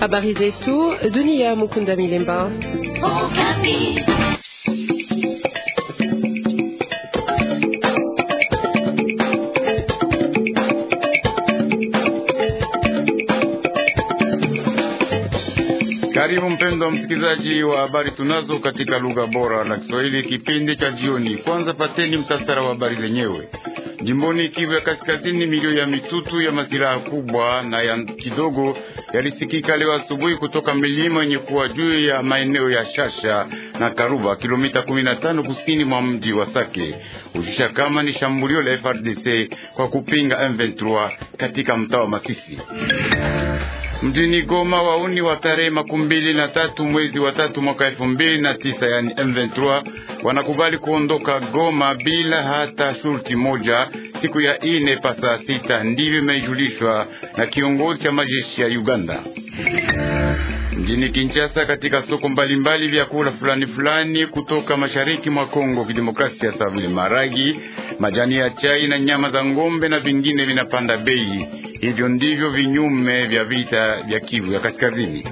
Habari zetu dunia. Mukunda Milemba. Karibu mpendwa msikilizaji wa habari tunazo katika lugha bora la Kiswahili, kipindi cha jioni. Kwanza pateni mtasara wa habari zenyewe. Jimboni Kivu ya Kaskazini, milio ya mitutu ya masilaha kubwa na ya kidogo yalisikika leo asubuhi kutoka milima yenye kuwa juu ya maeneo ya Shasha na Karuba, kilomita 15 kusini mwa mji wa Sake. Ujisha kama ni shambulio la FRDC kwa kupinga M23 katika mtaa wa Masisi mjini Goma wauni wa tarehe makumi mbili na tatu mwezi wa tatu mwaka elfu mbili na tisa yani M23 wanakubali kuondoka Goma bila hata shurti moja siku ya ine pa saa sita. Ndivyo imejulishwa na kiongozi cha majeshi ya Uganda mjini Kinshasa. Katika soko mbalimbali vyakula fulani fulani kutoka mashariki mwa Kongo Kidemokrasia sawa vile maragi, majani ya chai na nyama za ng'ombe na vingine vinapanda bei. Hivyo ndivyo vinyume vya vita vya Kivu ya Kaskazini.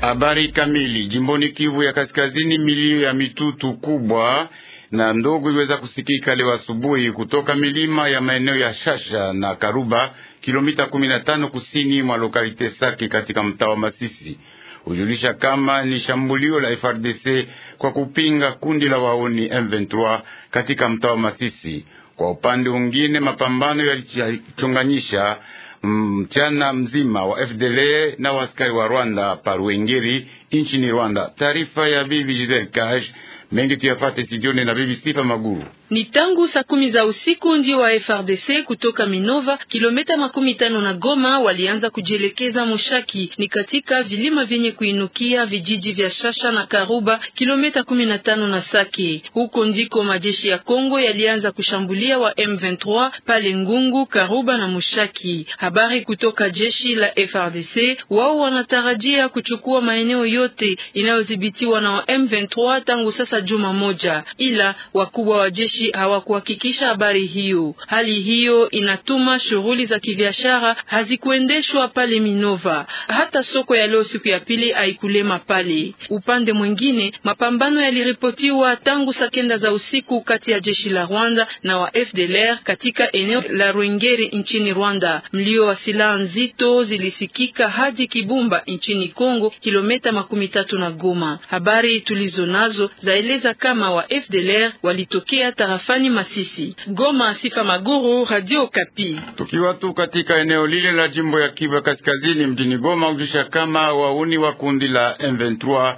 Habari kamili jimboni Kivu ya Kaskazini, milio ya mitutu kubwa na ndogo iweza kusikika leo asubuhi kutoka milima ya maeneo ya Shasha na Karuba, kilomita 15 kusini mwa lokalite Sake katika mtaa wa Masisi. Hujulisha kama ni shambulio la FRDC kwa kupinga kundi la waoni M23 katika mtaa wa Masisi. Kwa upande mwingine, mapambano yalichonganyisha mchana mzima wa fdl na waskari wa Rwanda paruengeri nchini Rwanda. Taarifa ya bibi Giselle Cash mengi tuyafate sijoni na bibi Sifa Maguru. Ni tangu saa kumi za usiku ndio wa FRDC kutoka Minova kilomita makumi tano na Goma walianza kujielekeza Mushaki, ni katika vilima vyenye kuinukia vijiji vya Shasha na Karuba kilomita kumi na tano na Sake. Huko ndiko majeshi ya Kongo yalianza kushambulia wa M23 pale Ngungu, Karuba na Mushaki. Habari kutoka jeshi la FRDC, wao wanatarajia kuchukua maeneo yote inayodhibitiwa na wa M23 tangu sasa juma moja, ila wakubwa wa jeshi wananchi hawakuhakikisha habari hiyo. Hali hiyo inatuma shughuli za kibiashara hazikuendeshwa pale Minova. Hata soko ya leo siku ya pili haikulema pale. Upande mwingine, mapambano yaliripotiwa tangu saa kenda za usiku kati ya jeshi la Rwanda na wa FDLR katika eneo la Rwengeri nchini Rwanda. Mlio wa silaha nzito zilisikika hadi Kibumba nchini Kongo, kilomita makumi tatu na Goma. Habari tulizo nazo zaeleza kama wa FDLR walitokea tarafani Masisi. Goma, Sifa Maguru, Radio Kapi. Tukiwa tu katika eneo lile la jimbo ya Kivu Kaskazini mjini Goma, ujisha kama wauni wa kundi la M23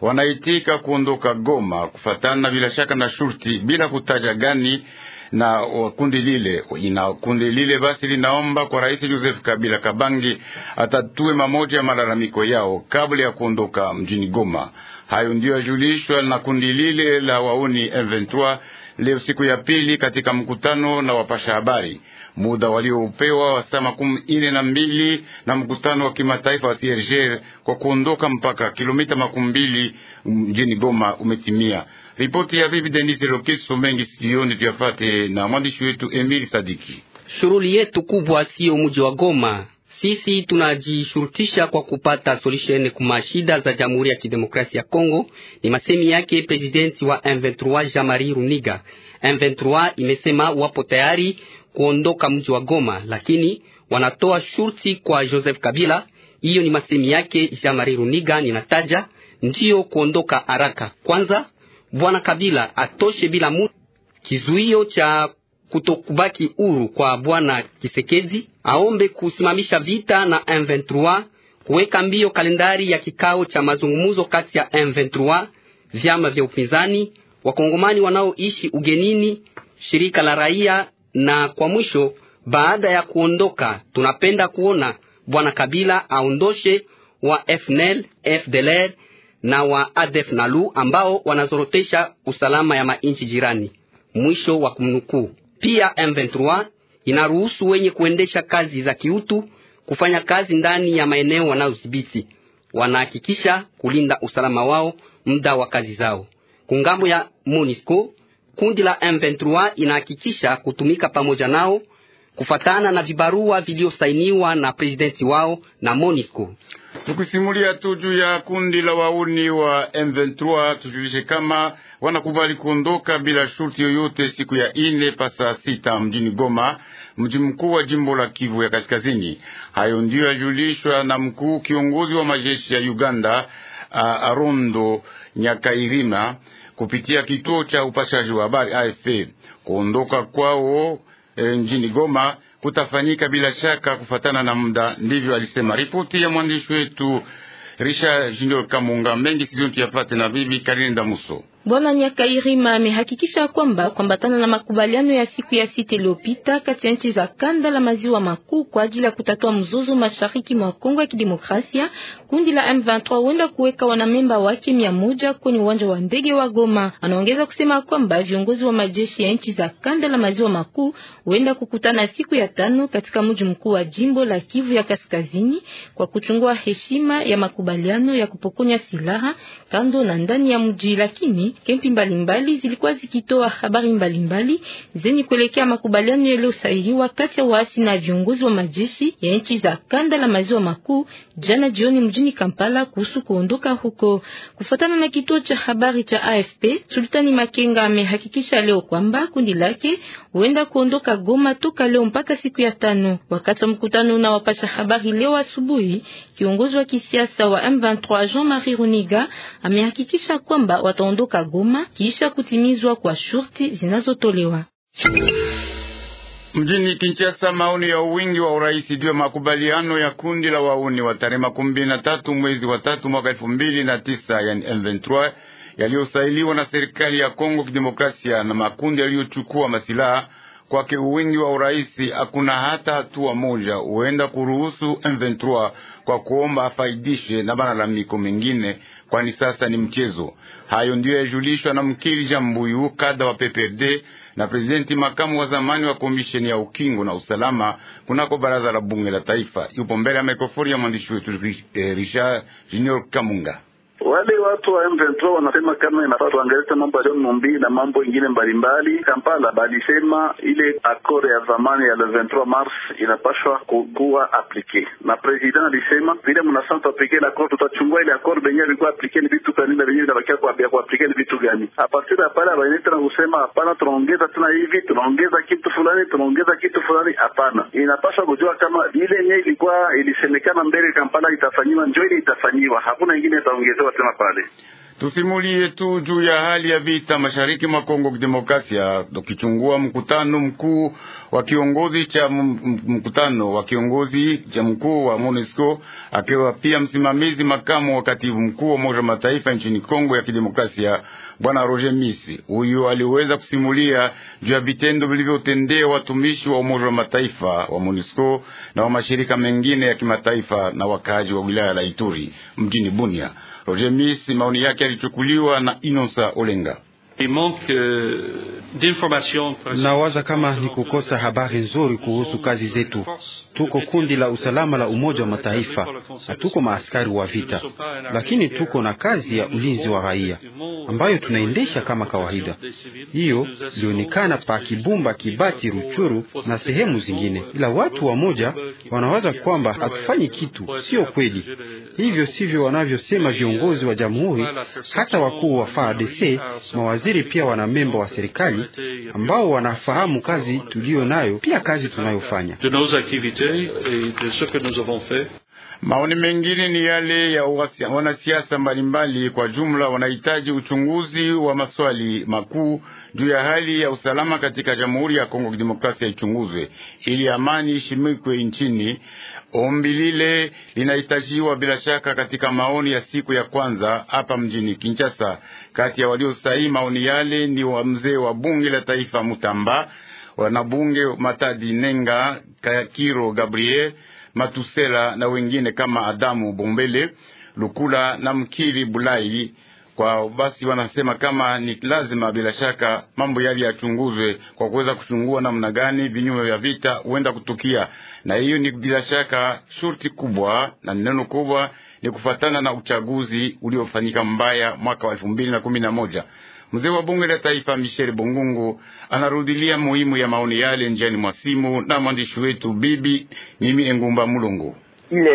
wanaitika kuondoka Goma kufatana bila shaka na shurti, bila kutaja gani na kundi lile ina kundi lile basi linaomba kwa Rais Joseph Kabila Kabangi atatue mamoja ya malalamiko yao kabla ya kuondoka mjini Goma. Hayo ndio yajulishwa na kundi lile la wauni M23 leo siku ya pili katika mkutano na wapasha habari muda walioupewa wa saa makumi ine na mbili na mkutano wa kimataifa wa Sierger kwa kuondoka mpaka kilomita makumi mbili mjini Goma umetimia. Ripoti ya bibi Denise Lokeso mengi sioni tuyafate na mwandishi wetu Emil Sadiki. Shuruli yetu kubwa siyo mji wa Goma sisi tunajishurutisha kwa kupata solution kumashida za Jamhuri ya Kidemokrasia ya Kongo, ni masemi yake presidenti wa M23 Jean-Marie Runiga. M23 imesema wapo tayari kuondoka mji wa Goma, lakini wanatoa shurti kwa Joseph Kabila. Hiyo ni masemi yake Jean-Marie Runiga, ninataja ndiyo kuondoka haraka. Kwanza bwana Kabila atoshe bila mutu kizuio cha kutokubaki huru kwa bwana Kisekezi, aombe kusimamisha vita na M23, kuweka mbio kalendari ya kikao cha mazungumzo kati ya M23, vyama vya upinzani, wakongomani wanaoishi ugenini, shirika la raia. Na kwa mwisho, baada ya kuondoka, tunapenda kuona bwana Kabila aondoshe wa FNL, FDLR na wa ADF Nalu ambao wanazorotesha usalama ya mainchi jirani. Mwisho wa kumnukuu. Pia M23 inaruhusu wenye kuendesha kazi za kiutu kufanya kazi ndani ya maeneo wanayodhibiti. Wanahakikisha kulinda usalama wao muda wa kazi zao. Kungambo ya monisco kundi la M23 inahakikisha kutumika pamoja nao kufatana na vibarua vilivyosainiwa na presidenti wao na Monisco. Tukisimulia tu juu ya kundi la wauni wa M23, tujulishe kama wanakubali kuondoka bila shurti yoyote siku ya ine saa sita mjini Goma, mji mkuu wa jimbo la Kivu ya Kaskazini. Hayo ndiyo yajulishwa na mkuu kiongozi wa majeshi ya Uganda Arondo Nyakairima kupitia kituo cha upashaji wa habari AFP. Kuondoka kwao E, mjini Goma kutafanyika bila shaka kufatana na muda, ndivyo alisema. Ripoti ya mwandishi wetu Richard Junior Kamunga mengi siyo tuyapate na bibi Karine Damuso. Bwana Nyakairima amehakikisha kwamba kuambatana na makubaliano ya siku ya sita iliyopita kati ya nchi za kanda la maziwa makuu kwa ajili ya kutatua mzozo mashariki mwa Kongo ya Kidemokrasia, kundi la M23 huenda kuweka wanamemba wake mia moja kwenye uwanja wa ndege wa Goma. Anaongeza kusema kwamba viongozi wa majeshi ya nchi za kanda la maziwa makuu huenda kukutana siku ya tano katika mji mkuu wa jimbo la Kivu ya Kaskazini kwa kuchungua heshima ya makubaliano ya kupokonya silaha kando na ndani ya mji, lakini kempi mbalimbali zilikuwa zikitoa habari mbalimbali zenye kuelekea makubaliano yaliyosainiwa kati ya waasi na viongozi wa majeshi ya nchi za kanda la maziwa makuu jana jioni mjini Kampala kuhusu kuondoka huko. Kufuatana na kituo cha habari cha AFP, Sultani Makenga amehakikisha leo kwamba kundi lake huenda kuondoka Goma toka leo mpaka siku ya tano. Wakati wa mkutano unawapasha habari leo asubuhi, kiongozi wa kisiasa wa M23 Jean-Marie Runiga amehakikisha kwamba wataondoka kutoka Goma kisha kutimizwa kwa shurti zinazotolewa. Mjini Kinshasa, maoni ya wingi wa urais ndio makubaliano ya kundi la wauni wa tarehe makumi mbili na tatu mwezi wa tatu mwaka elfu mbili na tisa yani M23 yaliyosailiwa na serikali ya Kongo Kidemokrasia na makundi yaliyochukua masilaha kwake uwingi wa uraisi, hakuna hata hatua moja huenda kuruhusu M23 kwa kuomba afaidishe na malalamiko mengine, kwani sasa ni mchezo. Hayo ndiyo yajulishwa na mkili Jambuyu kada wa PPRD na prezidenti makamu wa zamani wa komisheni ya ukingo na usalama kunako baraza la bunge la taifa. Yupo mbele ya mikrofoni ya mwandishi wetu eh, Richard Junior Kamunga. Wale watu wa M23 wanasema kama inafaa tuangalie mambo ya John Mumbi na mambo ingine mbalimbali. Kampala balisema ile akore ya zamani ya 23 Mars inapashwa kukuwa aplike, na president alisema vile mnasanta aplike la akore, tutachungua ile akore benye ilikuwa aplike ni vitu gani na benye inabakia kuambia kwa aplike ni vitu gani. A partir ya pale abaine tena kusema hapana, tunaongeza tena hivi, tunaongeza kitu fulani, tunaongeza kitu fulani. Hapana, inapashwa kujua kama ile yenye ilikuwa ilisemekana mbele Kampala itafanyiwa, ndio ile itafanyiwa, hakuna ingine itaongezewa tena pale. Tusimulie tu juu ya hali ya vita mashariki mwa Kongo Kidemokrasia, tukichungua mkutano mkuu wa kiongozi cha mkutano wa kiongozi cha mkuu wa MONUSCO akiwa pia msimamizi makamu wa katibu mkuu wa Umoja Mataifa nchini Kongo ya Kidemokrasia, Bwana Roger Misi. Huyu aliweza kusimulia juu ya vitendo vilivyotendea watumishi wa Umoja wa Mataifa wa MONUSCO na wa mashirika mengine ya kimataifa na wakaaji wa wilaya la Ituri mjini Bunia. Roger Miss, maoni yake yalichukuliwa na Inosa Olenga. Euh, Nawaza kama ni kukosa habari nzuri kuhusu kazi zetu. Tuko kundi la usalama la Umoja wa Mataifa, hatuko maaskari wa vita, lakini tuko na kazi ya ulinzi wa raia ambayo tunaendesha kama kawaida. Hiyo ilionekana pa Kibumba, Kibati, Ruchuru na sehemu zingine, ila watu wamoja wanawaza kwamba hatufanyi kitu. Sio kweli, hivyo sivyo wanavyosema viongozi wa euh, jamhuri, hata wakuu wa FARDC, mawaziri pia wana memba wa serikali serikali ambao wanafahamu kazi tuliyo nayo pia kazi tunayofanya. Maoni mengine ni yale ya wanasiasa mbalimbali. Kwa jumla, wanahitaji uchunguzi wa maswali makuu juu ya hali ya usalama katika Jamhuri ya Kongo Kidemokrasia ichunguzwe ili amani ishimikwe nchini. Ombi lile linahitajiwa bila shaka katika maoni ya siku ya kwanza hapa mjini Kinshasa. Kati ya waliosaini maoni yale ni wa mzee wa bunge la taifa Mutamba, wanabunge Matadi Nenga, Kayakiro Gabriel Matusela na wengine kama Adamu Bombele Lukula na Mkili Bulai. Kwa basi wanasema kama ni lazima bila shaka mambo yali yachunguzwe kwa kuweza kuchungua namna gani vinyume vya vita huenda kutukia, na hiyo ni bila shaka shurti kubwa na neno kubwa ni kufatana na uchaguzi uliofanyika mbaya mwaka wa elfu mbili na kumi na moja. Mzee wa bunge la taifa Michel Bongungu anarudilia muhimu ya maoni yale njiani mwa simu na mwandishi wetu bibi Mimi Engumba Mulungu. Ni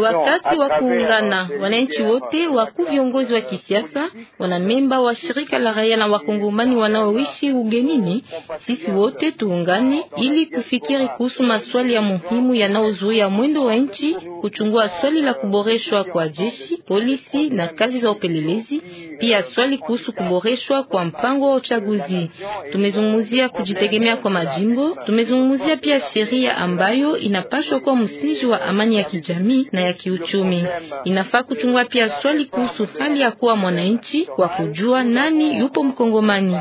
wakati wa kuungana wananchi wote wakuu, viongozi wa kisiasa, wana memba wa shirika la raia na wakongomani wanaoishi ugenini. Sisi wote tuungane ili kufikiri kuhusu maswali ya muhimu yanayozuia ya mwendo wa nchi, kuchungua swali la kuboreshwa kwa jeshi, polisi na kazi za upelelezi pia swali kuhusu kuboreshwa kwa mpango wa uchaguzi. Tumezungumzia kujitegemea kwa majimbo, tumezungumzia pia sheria ambayo inapaswa kuwa msingi wa amani ya kijamii na ya kiuchumi. Inafaa kuchungua pia swali kuhusu hali ya kuwa mwananchi kwa kujua nani yupo Mkongomani.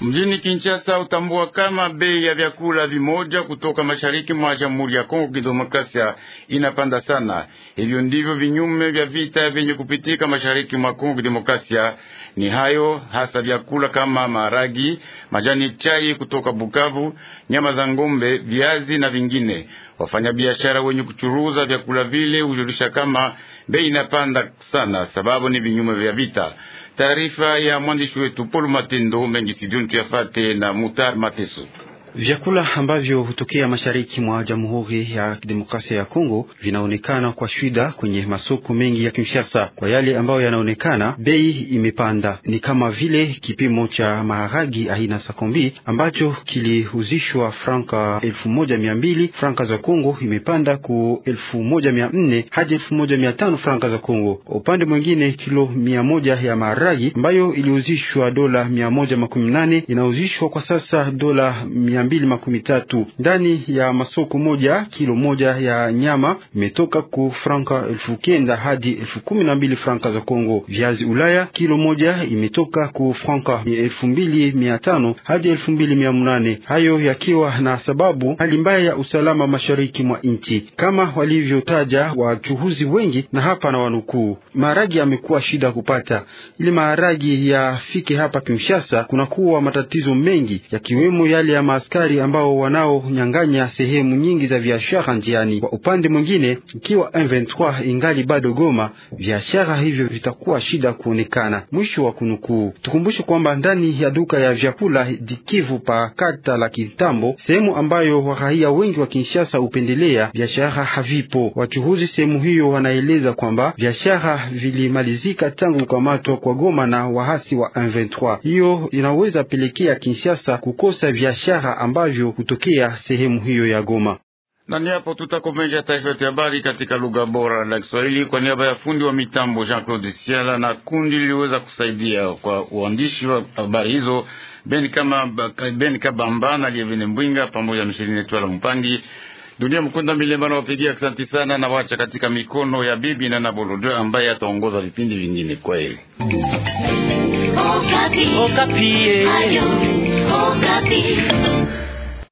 Mjini Kinshasa utambua kama bei ya vyakula vimoja kutoka mashariki mwa Jamhuri ya Kongo Kidemokrasia inapanda sana. Hivyo ndivyo vinyume vya vita vyenye kupitika mashariki mwa Kongo Kidemokrasia. Ni hayo hasa vyakula kama maharagi, majani chai kutoka Bukavu, nyama za ngombe, viazi na vingine. Wafanyabiashara wenye kuchuruza vyakula vile hujulisha kama bei inapanda sana, sababu ni vinyume vya vita. Taarifa ya mwandishi wetu Paul Matendo mengi sidioni tuyafate na Mutar Mateso. Vyakula ambavyo hutokea mashariki mwa Jamhuri ya Kidemokrasia ya Kongo vinaonekana kwa shida kwenye masoko mengi ya Kinshasa. Kwa yale ambayo yanaonekana, bei imepanda, ni kama vile kipimo cha maharagi aina sakombi ambacho kilihuzishwa franka elfu moja mia mbili franka za Kongo imepanda ku elfu moja mia nne hadi elfu moja mia tano franka za Kongo. Kwa upande mwingine, kilo mia moja ya maharagi ambayo ilihuzishwa dola mia moja makumi nane inahuzishwa kwa sasa dola mia mia mbili makumi tatu ndani ya masoko moja. Kilo moja ya nyama imetoka ku franka elfu kenda hadi elfu kumi na mbili franka za Kongo. Viazi Ulaya kilo moja imetoka ku franka elfu mbili mia tano hadi elfu mbili mia munane hayo yakiwa na sababu hali mbaya ya usalama mashariki mwa nchi kama walivyotaja wachuhuzi wengi, na hapa na wanukuu, maharagi amekuwa shida kupata ili maharagi yafike hapa Kinshasa. Kunakuwa matatizo mengi yakiwemo yale ya askari ambao wanaonyang'anya sehemu nyingi za biashara njiani. Kwa upande mwingine, ikiwa M23 ingali bado Goma, biashara hivyo vitakuwa shida kuonekana. Mwisho wa kunukuu. Tukumbushe kwamba ndani ya duka ya vyakula dikivu pa kata la kitambo sehemu ambayo raia wengi wa Kinshasa hupendelea, biashara havipo. Wachuhuzi sehemu hiyo wanaeleza kwamba biashara vilimalizika tangu kukamatwa kwa Goma na wahasi wa M23. Hiyo inaweza pelekea Kinshasa kukosa biashara ambavyo hutokea sehemu hiyo ya Goma. Na ni hapo tutakomesha taarifa ya habari katika lugha bora la Kiswahili kwa niaba ya fundi wa mitambo Jean Claude Siala na kundi liliweza kusaidia kwa uandishi wa habari hizo Ben kama Ben Kabamba na Lievine Mbwinga pamoja na mshirini yetu la Mpangi Dunia Mkunda Milemba, wapigia asante sana na wacha katika mikono ya bibi na Nabolodo ambaye ataongoza vipindi vingine kwa hili. Oh,